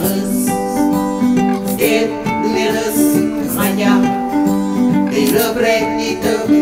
let us get, let us hang out a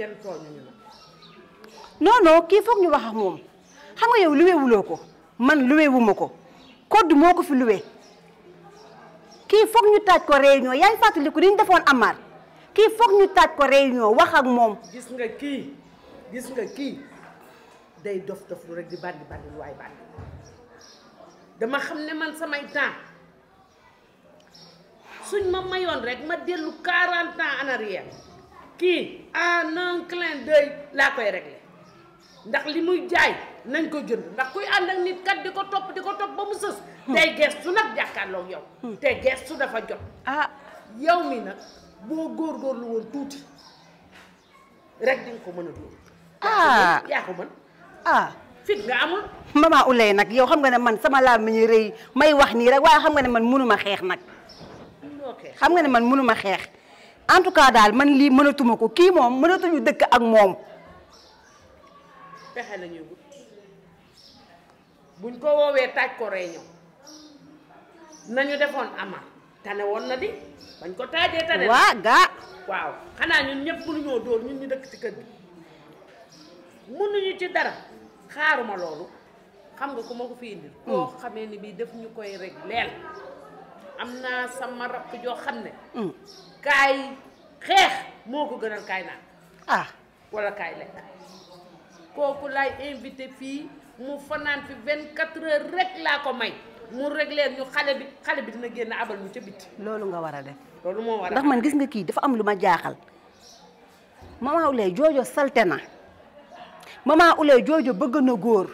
kenn tooñuñu la. kii foog ñu wax ak moom xam nga yow luwe ko man luwe ko code moo ko fi luwe kii foog ñu taaj ko réunion yaay fàttaliku ni ñu defoon Amar kii foog ñu taaj ko ñoo wax ak moom. gis nga kii gis nga kii day dof dof lu rek di bandi bandi lu waay bandi dama xam ne man samay temps suñ ma mayoon rek ma dellu 40 ans kii. en un clin d'œil laa koy régler ndax li muy jaay nañ ko jënd ndax kuy ànd ak nit kat di ko topp di ko topp ba mu sës hmm. tey gestu nag jàkkaarloo yow hmm. te gestu dafa jot ah. yow mi nag boo góorgóorlu woon tuuti rek di nga ko mën a dóor ah yaa ko mën ah fit nga amul maman Oulaye nag yow xam nga ne man sama laam mi ñu rëy may wax nii rek waaye xam nga ne man mënuma xeex nag xam nga ne man mënuma xeex en tout cas daal man lii mënatuma ko kii moom mënatuñu dëkk ak moom. pexe la ñuy buñ ko woowee taaj ko réunion nañu defoon ama tane woon na di bañ ko taajee tane. waa gaa. waaw xanaa ñun ñëpp mënuñoo dóor ñun ñu dëkk ci kër gi mënuñu ci dara xaaruma loolu xam nga ku ma ko fi indil. Hmm. koo xamee ni bii def ñu koy rek leel am naa sama rakk joo xam ne mm. kaay xeex moo ko gënal kaay naan ah wala kaay lekk kooku laay invité fii mu fanaan fi vingt-quatre heures rek laa ko may mu régler ñu xale bi xale bi dina génn abal mu ca biti loolu nga war a def loolu moo war ndax man gis nga kii dafa am lu ma jaaxal maman Oulaye joojo salte na maman Oulaye joojo bëgg na góor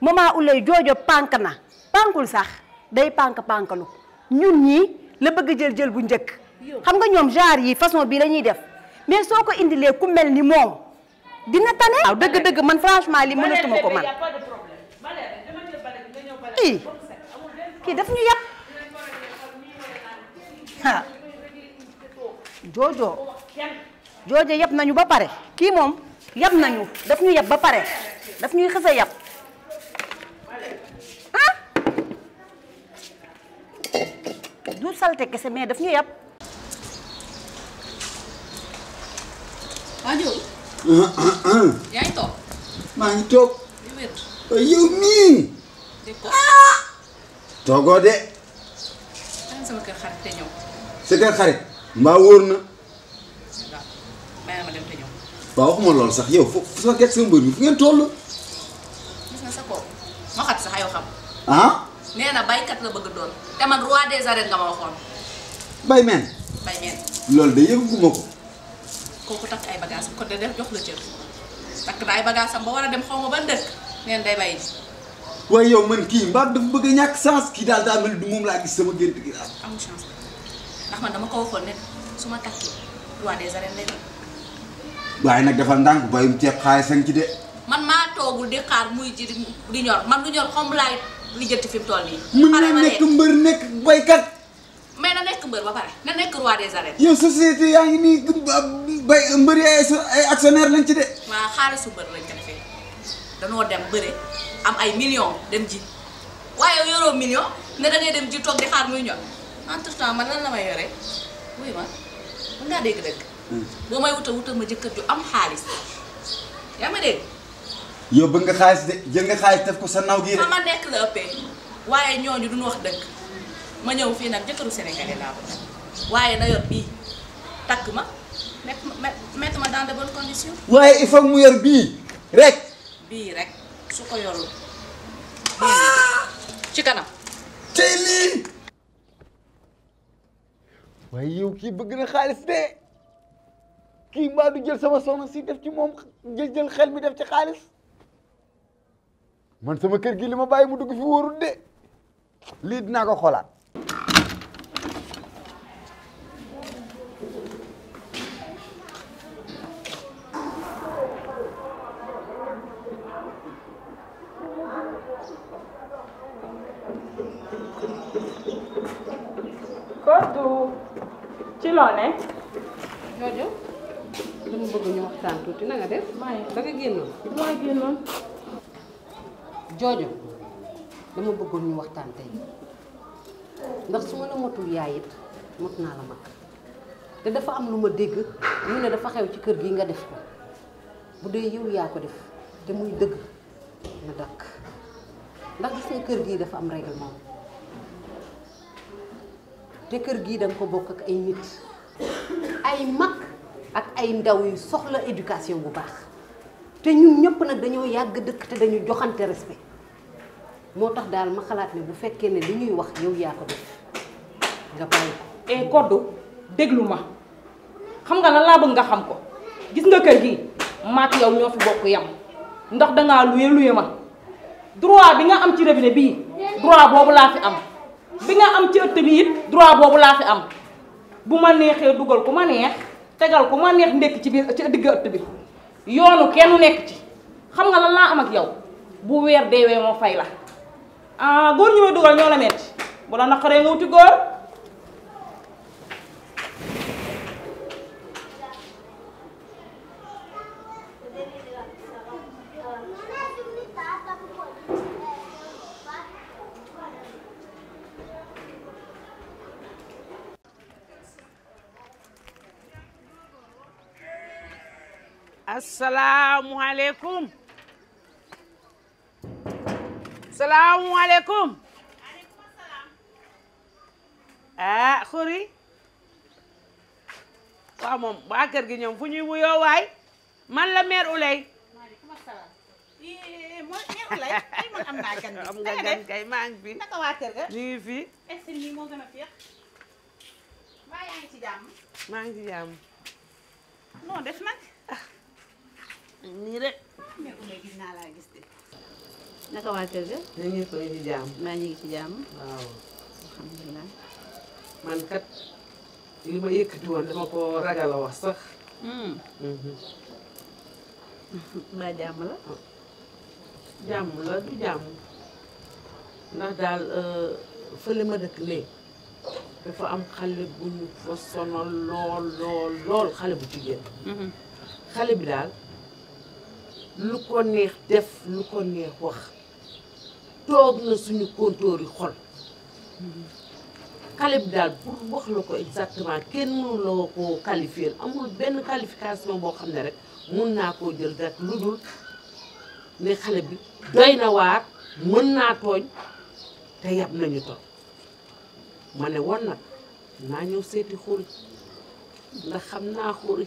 maman Oulaye joojo pànk na pànkul sax day pànk pànkalu ñun ñii la bëgg jël jël bu njëkk xam nga ñoom genre yi façon bii la ñuy def mais soo ko indilee ku mel ni moom dina tane. waaw dëgg-dëgg man franchement li mënatuma ko man kii kii daf ñu yàpp ah joojo joojo nañu ba pare kii moom yàpp nañu daf ñu yàpp ba pare daf ñuy xësa yàpp du salte kese mais daf ñu yàpp. rajo. yaa toog. maa ngi toog. yow mii. Ah! toogoo de. sama kër xarit te sa kër xarit. mbaa wóor na. ma dem te ñëw. sax yow foofu sa gerte sa mbër bi fu ngeen toll. gis nga sa ah. nee na baykat la bëgg doon te man roi de arènes nga ma waxoon. bay meen. bay meen. loolu de yëgguma ko. kooku takk ay bagages ko de def jox la cër takk na ay bagages am ba war a dem xaw ma ban dëkk day bàyyi. waaye yow man kii mbaa dafa bëgg a ñàkk chance kii daal daa mel du moom sama gént gi daal. amul chance man dama ko waxoon ne su ma takkee roi des arènes lay doon. waaye nag dafa ndànk bayum ceeb xaalis a ci de. man maa toogul di xaar muy ji di ñor man du ñor xomb laay lijjanti fi mu toll nii. mën na nekk mbër nekk baykat. mais na nekk mbër ba pare na nekk roi des arènes. yow société yaa ngi nii bay mbër ay ay actionnaire lañ ci de. waaw xaalisu mbër lañ ko defee danoo dem bëre am ay millions dem ji waaye yoroo million ne da dem ji toog di xaar muy ñor entre temps man lan la may yore wuy ma mën ngaa dégg dëgg. Hmm. boo may wutal wutal ma jëkkër ju am xaalis yaa ma dégg. yow bëgg nga xaalis de jël nga xaalis def ko sa naw gii ma nekk la ëppee waaye ñooñu duñu wax dëgg ma ñëw fii nag jëkkëru sénégalais laa ko waaye na yor bii takk ma mettre ma dans de bonnes waaye il faut mu yor bii rek. bii rek su ko yorul ah! ci kanam. tey lii. waaye yow kii bëgg na xaalis de kii mbaa du jël sama soxna si def ci moom jël jël xel mi def ci xaalis. man sama kër gi lima ma mu dugg fi wóorul de li dina ko ci Jojo bëgg ñu waxtaan tuuti na nga def. maa da nga génnoon. maa jojo dama bëggoon ñu waxtaan tay ndax suma ma la motul yaay it mot na la mak te dafa am luma dégg ñu ne dafa xew ci kër gi nga def ko bu dee yow yaa ko def te muy dëgg na dakk ndax gis nga kër gii dafa am règlement te kër gii da ko bokk ak ay nit ay mag ak ay ndaw yu soxla éducation bu baax te ñun ñëpp nag dañoo yàgg dëkk te dañu joxante respect moo tax daal ma xalaat ne bu fekkee ne li ñuy wax yow yaa ko def nga bàyyi ko. eh koddu déglu ma xam nga lan laa bëgg nga xam ko gis nga kër gi maak yow ñoo fi bokk yam ndax dangaa luye luye ma droit bi nga am ci robinet bii droit boobu laa fi am bi nga am ci ëtt bi it droit boobu laa fi am bu ma neexee dugal ko ma neex tegal ko ma neex ndekk ci biir ci digg ëtt bi yoonu kenn nekk ci xam nga la laa am ak yow bu weer deewee moo fay la. ah góor ñu may dugal ñoo la metti bu la naqaree nga wuti góor asalaamualeykum salaamualeykum. maaleykum salaam. ah xuri waaw moom waa kër gi ñoom fu ñuy wuyoo waay man la mère Ulay. maaleykum salaam. Eh, mooy mère Ulay ay man am naa gan. am nga gan maa ngi fi. naka ngi fi. est ce que moo maa ngi ci jàmm. Ah, rek. mère Ulay gis naka waa kër ga. ñu ngi koy jàmm. maa ngi ci jàmm. waaw. alhamdulilah. man kat li ma yëkkati woon dama ko ragal a wax sax. mbaa jàmm la. jàmm la du jàmm. ndax daal e, fële ma dëkk lee dafa am xale bu ñu fa sonal lool lool lool xale bu jigéen. Mm-hmm. xale bi daal lu ko neex def lu ko neex wax. toog na suñu kontóor yi xol xale bi daal pour wax la ko exactement kenn mënu la ko qualifier amul benn qualification boo xam ne rek mun naa koo jël rek lu dul ne xale bi doy na waar mën naa tooñ te yab nañu tooñ ma ne woon nag naa ñëw seeti xuri ndax xam naa xuri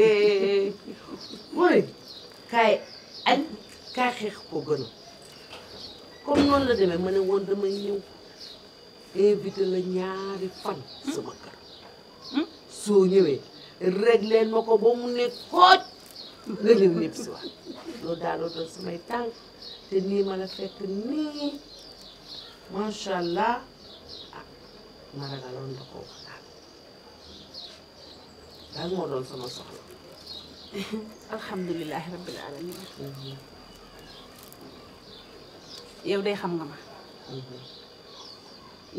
eh, eh, eh. xuri kaay añ kaay xeex ko gënu comme noonu la demee ma ne woon damay ñëw invité la ñaari fan sama kër hmm? soo ñëwee rek leen ma ko ba mu ne kooj nga ñëw ñëpp si waat loolu samay tànk te nii ma la fekk nii ah, daal moo doon sama soxla alhamdulilahi rabbil alamin mhm. yow day xam nga ma mm-hmm.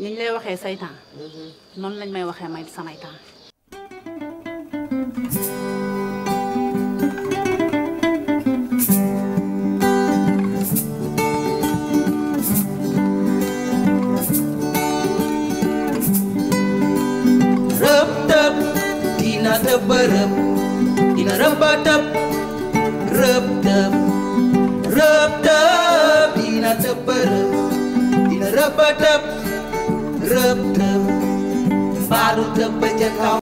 niñ lay waxé say temps mm-hmm. noonu lañ may waxé may samay temps berep dina rembatep rep dep rep rub a dub, rub dub,